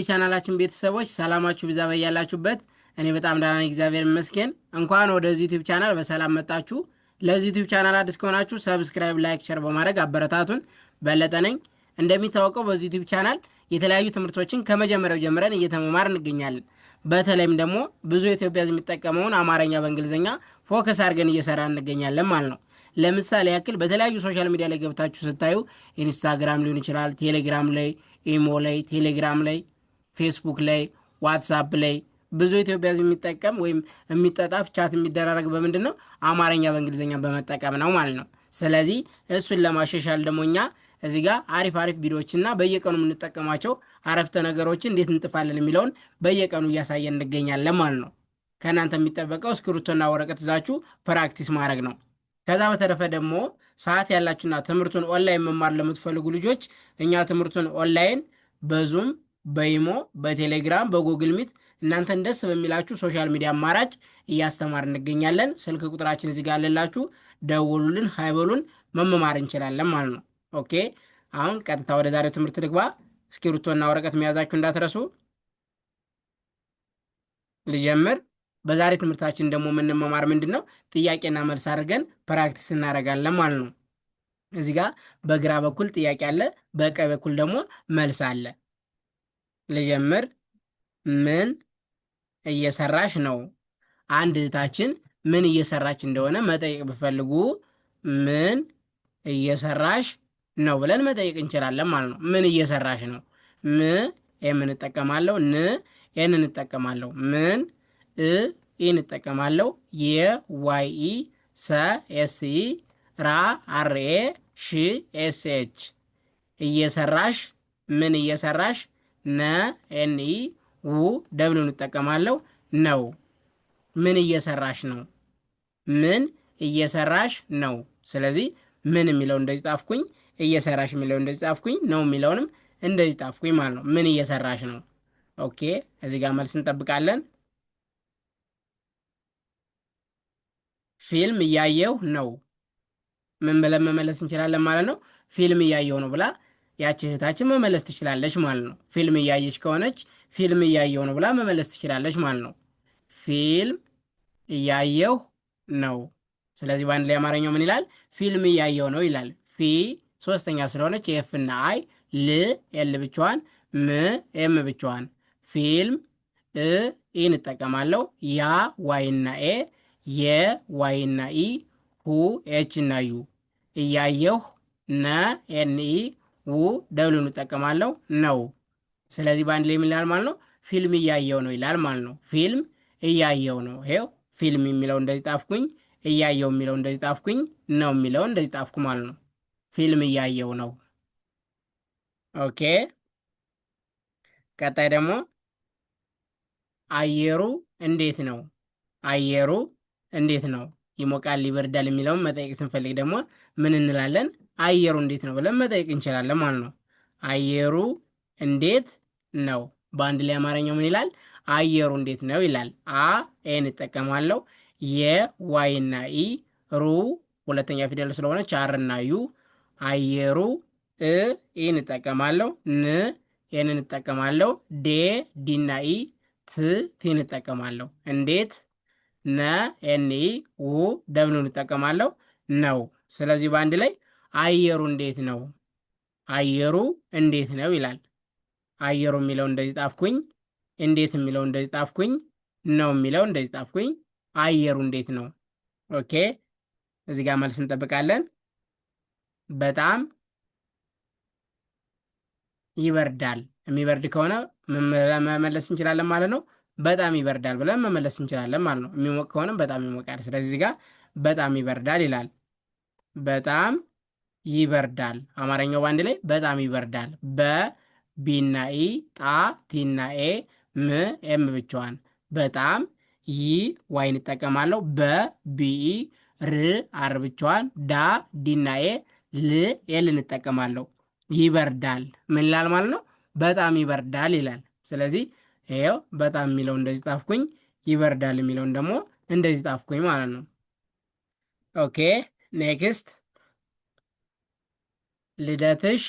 የቻናላችን ቤተሰቦች ሰላማችሁ ብዛ በያላችሁበት። እኔ በጣም ደህና ነኝ፣ እግዚአብሔር ይመስገን። እንኳን ወደዚህ ዩቲዩብ ቻናል በሰላም መጣችሁ። ለዚህ ዩቲዩብ ቻናል አዲስ ከሆናችሁ ሰብስክራይብ፣ ላይክ፣ ሸር በማድረግ አበረታቱን። በለጠ ነኝ። እንደሚታወቀው በዚህ ዩቲዩብ ቻናል የተለያዩ ትምህርቶችን ከመጀመሪያው ጀምረን እየተመማር እንገኛለን። በተለይም ደግሞ ብዙ ኢትዮጵያ የሚጠቀመውን አማርኛ በእንግሊዝኛ ፎከስ አድርገን እየሰራ እንገኛለን ማለት ነው። ለምሳሌ ያክል በተለያዩ ሶሻል ሚዲያ ላይ ገብታችሁ ስታዩ ኢንስታግራም ሊሆን ይችላል፣ ቴሌግራም ላይ፣ ኢሞ ላይ፣ ቴሌግራም ላይ ፌስቡክ ላይ ዋትሳፕ ላይ ብዙ ኢትዮጵያ የሚጠቀም ወይም የሚጠጣፍ ቻት የሚደራረግ በምንድን ነው? አማርኛ በእንግሊዝኛ በመጠቀም ነው ማለት ነው። ስለዚህ እሱን ለማሻሻል ደግሞ እኛ እዚህ ጋር አሪፍ አሪፍ ቪዲዮዎችና በየቀኑ የምንጠቀማቸው አረፍተ ነገሮችን እንዴት እንጥፋለን የሚለውን በየቀኑ እያሳየን እንገኛለን ማለት ነው። ከእናንተ የሚጠበቀው እስክሪብቶና ወረቀት ይዛችሁ ፕራክቲስ ማድረግ ነው። ከዛ በተረፈ ደግሞ ሰዓት ያላችሁና ትምህርቱን ኦንላይን መማር ለምትፈልጉ ልጆች እኛ ትምህርቱን ኦንላይን በዙም በኢሞ በቴሌግራም በጉግል ሚት እናንተን ደስ በሚላችሁ ሶሻል ሚዲያ አማራጭ እያስተማር እንገኛለን። ስልክ ቁጥራችን እዚጋ ጋር አለላችሁ። ደውሉልን፣ ሀይበሉን መመማር እንችላለን ማለት ነው። ኦኬ አሁን ቀጥታ ወደ ዛሬው ትምህርት ልግባ። እስክሪብቶና ወረቀት መያዛችሁ እንዳትረሱ። ልጀምር። በዛሬ ትምህርታችን ደግሞ የምንመማር ምንድን ነው? ጥያቄና መልስ አድርገን ፕራክቲስ እናደርጋለን ማለት ነው። እዚጋ በግራ በኩል ጥያቄ አለ፣ በቀኝ በኩል ደግሞ መልስ አለ። ልጀምር። ምን እየሰራሽ ነው? አንድ እህታችን ምን እየሰራች እንደሆነ መጠየቅ ብፈልጉ ምን እየሰራሽ ነው ብለን መጠየቅ እንችላለን ማለት ነው። ምን እየሰራሽ ነው? ም የምንጠቀማለው እጠቀማለሁ፣ ን የን እንጠቀማለሁ፣ ምን እ እንጠቀማለሁ፣ የ ዋይ ኢ፣ ሰ ኤስ ኢ፣ ራ አር ኤ፣ ሽ ኤስ ኤች። እየሰራሽ ምን እየሰራሽ ነ ኢ ው ደብልን እጠቀማለሁ ነው። ምን እየሰራሽ ነው? ምን እየሰራሽ ነው? ስለዚህ ምን የሚለው እንደዚህ ጣፍኩኝ፣ እየሰራሽ የሚለው እንደዚህ ጣፍኩኝ፣ ነው የሚለውንም እንደዚህ ጣፍኩኝ ማለት ነው። ምን እየሰራሽ ነው? ኦኬ እዚህ ጋር መልስ እንጠብቃለን። ፊልም እያየሁ ነው። ምን ብለን መመለስ እንችላለን ማለት ነው። ፊልም እያየሁ ነው ብላ ያች እህታችን መመለስ ትችላለች ማለት ነው። ፊልም እያየች ከሆነች ፊልም እያየው ነው ብላ መመለስ ትችላለች ማለት ነው። ፊልም እያየው ነው። ስለዚህ በአንድ ላይ አማርኛው ምን ይላል? ፊልም እያየው ነው ይላል። ፊ ሶስተኛ ስለሆነች የፍና አይ ል የል ብቻዋን ም ኤም ብቻዋን ፊልም እ ኢ እንጠቀማለሁ። ያ ዋይና ኤ የ ዋይና ኢ ሁ ኤች እና ዩ እያየሁ ነ ኤን ኢ ው ደብሉን እጠቀማለሁ ነው። ስለዚህ በአንድ ላይ የሚላል ማለት ነው። ፊልም እያየው ነው ይላል ማለት ነው። ፊልም እያየው ነው። ይሄው ፊልም የሚለው እንደዚህ ጣፍኩኝ፣ እያየው የሚለው እንደዚህ ጣፍኩኝ፣ ነው የሚለው እንደዚህ ጣፍኩ ማለት ነው። ፊልም እያየው ነው። ኦኬ። ቀጣይ ደግሞ አየሩ እንዴት ነው? አየሩ እንዴት ነው? ይሞቃል፣ ይበርዳል የሚለውን መጠየቅ ስንፈልግ ደግሞ ምን እንላለን? አየሩ እንዴት ነው ብለን መጠየቅ እንችላለን ማለት ነው። አየሩ እንዴት ነው በአንድ ላይ አማርኛው ምን ይላል? አየሩ እንዴት ነው ይላል። አ ኤን እጠቀማለሁ የዋይና ኢ ሩ ሁለተኛ ፊደል ስለሆነች አርና ዩ አየሩ እ ኢን እጠቀማለሁ ን ኤን እንጠቀማለሁ ዴ ዲና ኢ ት ቲ እንጠቀማለሁ። እንዴት ነ ኤን ኢ ው ደብሉ እንጠቀማለሁ ነው። ስለዚህ በአንድ ላይ አየሩ እንዴት ነው? አየሩ እንዴት ነው ይላል። አየሩ የሚለው እንደዚህ ጣፍኩኝ፣ እንዴት የሚለው እንደዚህ ጣፍኩኝ፣ ነው የሚለው እንደዚህ ጣፍኩኝ። አየሩ እንዴት ነው? ኦኬ፣ እዚህ ጋር መልስ እንጠብቃለን። በጣም ይበርዳል። የሚበርድ ከሆነ መመለስ እንችላለን ማለት ነው። በጣም ይበርዳል ብለን መመለስ እንችላለን ማለት ነው። የሚሞቅ ከሆነም በጣም ይሞቃል። ስለዚህ እዚህ ጋር በጣም ይበርዳል ይላል። በጣም ይበርዳል። አማርኛው በአንድ ላይ በጣም ይበርዳል። በ ቢና ኢ ጣ ቲና ኤ ም ኤም ብቻዋን በጣም ይ ዋይ እጠቀማለሁ። በ ቢኢ ር አር ብቻዋን ዳ ዲና ኤ ል ኤል እንጠቀማለሁ። ይበርዳል ምን ይላል ማለት ነው? በጣም ይበርዳል ይላል። ስለዚህ ይኸው በጣም የሚለው እንደዚህ ጣፍኩኝ፣ ይበርዳል የሚለውን ደግሞ እንደዚህ ጣፍኩኝ ማለት ነው። ኦኬ ኔክስት ልደትሽ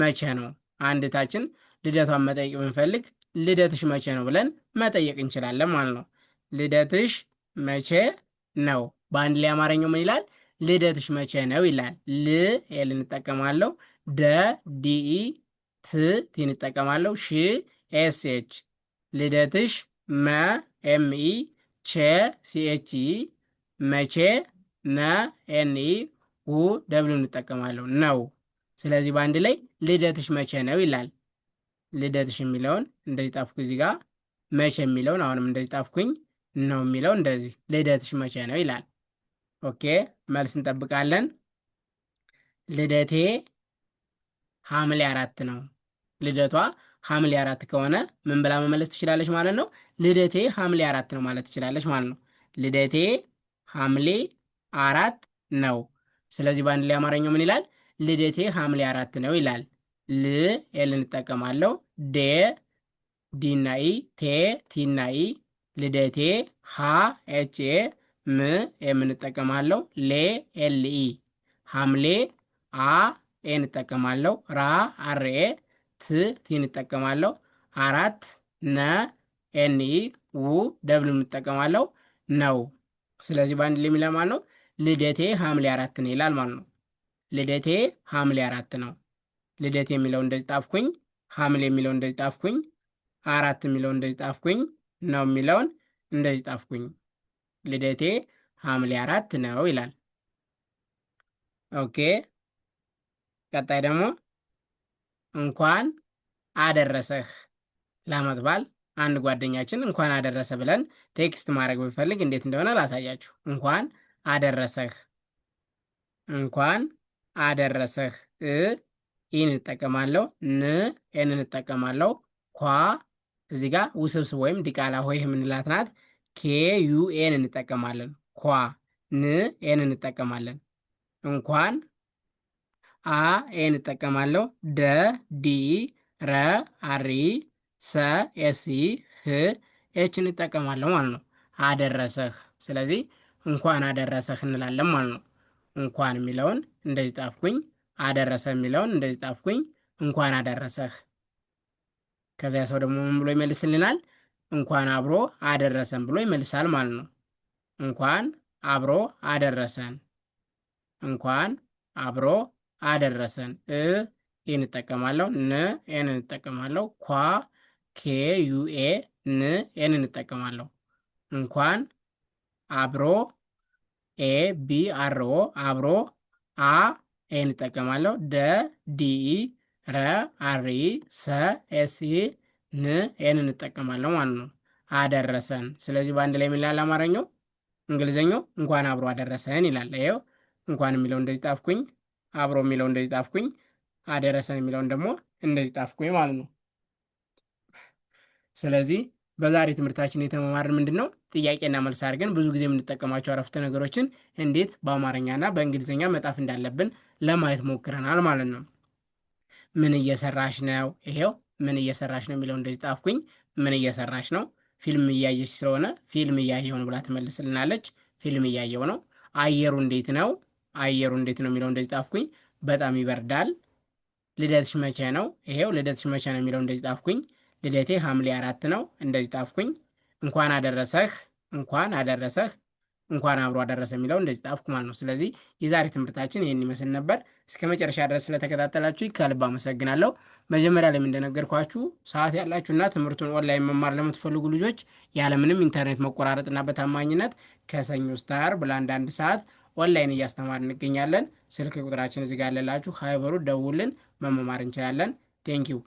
መቼ ነው? አንድታችን ልደቷን መጠየቅ ብንፈልግ ልደትሽ መቼ ነው ብለን መጠየቅ እንችላለን ማለት ነው። ልደትሽ መቼ ነው? በአንድ ላይ አማርኛው ምን ይላል? ልደትሽ መቼ ነው ይላል። ል ኤል እንጠቀማለሁ። ደ ዲኢ ት ቲ እንጠቀማለሁ። ሽ ኤስ ኤች ልደትሽ መ ኤምኢ ቼ ሲኤችኢ መቼ ነ ኤንኢ ው ደብሉ እንጠቀማለሁ ነው። ስለዚህ በአንድ ላይ ልደትሽ መቼ ነው ይላል። ልደትሽ የሚለውን እንደዚህ ጣፍኩ። እዚህ ጋር መቼ የሚለውን አሁንም እንደዚህ ጣፍኩኝ። ነው የሚለው እንደዚህ ልደትሽ መቼ ነው ይላል። ኦኬ መልስ እንጠብቃለን። ልደቴ ሐምሌ አራት ነው። ልደቷ ሐምሌ አራት ከሆነ ምን ብላ መመለስ ትችላለች ማለት ነው? ልደቴ ሐምሌ አራት ነው ማለት ትችላለች ማለት ነው። ልደቴ ሐምሌ አራት ነው ስለዚህ በአንድ ላይ አማርኛው ምን ይላል? ልደቴ ሐምሌ አራት ነው ይላል። ል ኤል እንጠቀማለሁ። ዴ ዲናኢ፣ ቴ ቲናኢ፣ ልደቴ ሀ ኤች ኤ፣ ም ኤም እንጠቀማለሁ። ሌ ኢ ሐምሌ አ ኤ እንጠቀማለሁ። ራ አር ኤ፣ ት ቲ እንጠቀማለሁ። አራት ነ ኤንኢ፣ ው ደብል እንጠቀማለሁ ነው። ስለዚህ በአንድ ላይ የሚለማ ነው ልደቴ ሐምሌ አራት ነው ይላል ማለት ነው። ልደቴ ሐምሌ አራት ነው። ልደቴ የሚለው እንደዚህ ጣፍኩኝ፣ ሐምሌ የሚለው እንደዚህ ጣፍኩኝ፣ አራት የሚለው እንደዚህ ጣፍኩኝ፣ ነው የሚለውን እንደዚህ ጣፍኩኝ። ልደቴ ሐምሌ አራት ነው ይላል። ኦኬ። ቀጣይ ደግሞ እንኳን አደረሰህ ለዓመት በዓል አንድ ጓደኛችን እንኳን አደረሰ ብለን ቴክስት ማድረግ ብፈልግ እንዴት እንደሆነ ላሳያችሁ። እንኳን አደረሰህ እንኳን አደረሰህ እ ኢን እንጠቀማለሁ ን ኤን እንጠቀማለሁ ኳ እዚህ ጋር ውስብስብ ወይም ዲቃላ ሆይ የምንላት ናት። ኬ ዩ ኤን እንጠቀማለን ኳ ን ኤን እንጠቀማለን እንኳን አ ኤ እንጠቀማለሁ ደ ዲ ረ አሪ ሰ ኤሲ ህ ኤች እንጠቀማለሁ ማለት ነው። አደረሰህ ስለዚህ እንኳን አደረሰህ እንላለን ማለት ነው። እንኳን የሚለውን እንደዚህ ጣፍኩኝ፣ አደረሰ የሚለውን እንደዚህ ጣፍኩኝ፣ እንኳን አደረሰህ። ከዚያ ሰው ደግሞ ምን ብሎ ይመልስልናል? እንኳን አብሮ አደረሰን ብሎ ይመልሳል ማለት ነው። እንኳን አብሮ አደረሰን፣ እንኳን አብሮ አደረሰን። እ እንጠቀማለሁ፣ ን ኤን እንጠቀማለሁ፣ ኳ ኬ ዩኤ ን ኤን እንጠቀማለሁ። እንኳን አብሮ ኤ ቢ አር ኦ አብሮ አ ኤን ደ ዲ ረ አር ሰ ኤስ ን ኤን እንጠቀማለሁ ማለት ነው። አደረሰን። ስለዚህ በአንድ ላይ የሚላል አማርኛው እንግሊዘኛው እንኳን አብሮ አደረሰን ይላል። ይኸው እንኳን የሚለው እንደዚህ ጣፍኩኝ፣ አብሮ የሚለው እንደዚህ ጣፍኩኝ፣ አደረሰን የሚለውን ደግሞ እንደዚህ ጣፍኩኝ ማለት ነው። ስለዚህ በዛሬ ትምህርታችን የተመማርን ምንድን ነው? ጥያቄና መልስ አድርገን ብዙ ጊዜ የምንጠቀማቸው አረፍተ ነገሮችን እንዴት በአማርኛና በእንግሊዝኛ መጣፍ እንዳለብን ለማየት ሞክረናል ማለት ነው። ምን እየሰራሽ ነው? ይሄው ምን እየሰራሽ ነው የሚለው እንደዚህ ጣፍኩኝ። ምን እየሰራሽ ነው? ፊልም እያየች ስለሆነ ፊልም እያየው ነው ብላ ትመልስልናለች። ፊልም እያየው ነው። አየሩ እንዴት ነው? አየሩ እንዴት ነው የሚለው እንደዚህ ጣፍኩኝ። በጣም ይበርዳል። ልደትሽ መቼ ነው? ይሄው ልደትሽ መቼ ነው የሚለው እንደዚህ ጣፍኩኝ። ልደቴ ሐምሌ አራት ነው እንደዚህ ጣፍኩኝ። እንኳን አደረሰህ እንኳን አደረሰህ እንኳን አብሮ አደረሰ የሚለው እንደዚህ ጣፍኩ ማለት ነው። ስለዚህ የዛሬ ትምህርታችን ይህን ይመስል ነበር። እስከ መጨረሻ ድረስ ስለተከታተላችሁ ከልብ አመሰግናለሁ። መጀመሪያ ላይም እንደነገርኳችሁ ሰዓት ያላችሁና ትምህርቱን ኦንላይን መማር ለምትፈልጉ ልጆች ያለምንም ኢንተርኔት መቆራረጥና በታማኝነት ከሰኞ እስከ ዓርብ አንድ ሰዓት ኦንላይን እያስተማር እንገኛለን። ስልክ ቁጥራችን እዚጋ ያለላችሁ ሀይበሩ ደውልን መመማር እንችላለን። ቴንኪው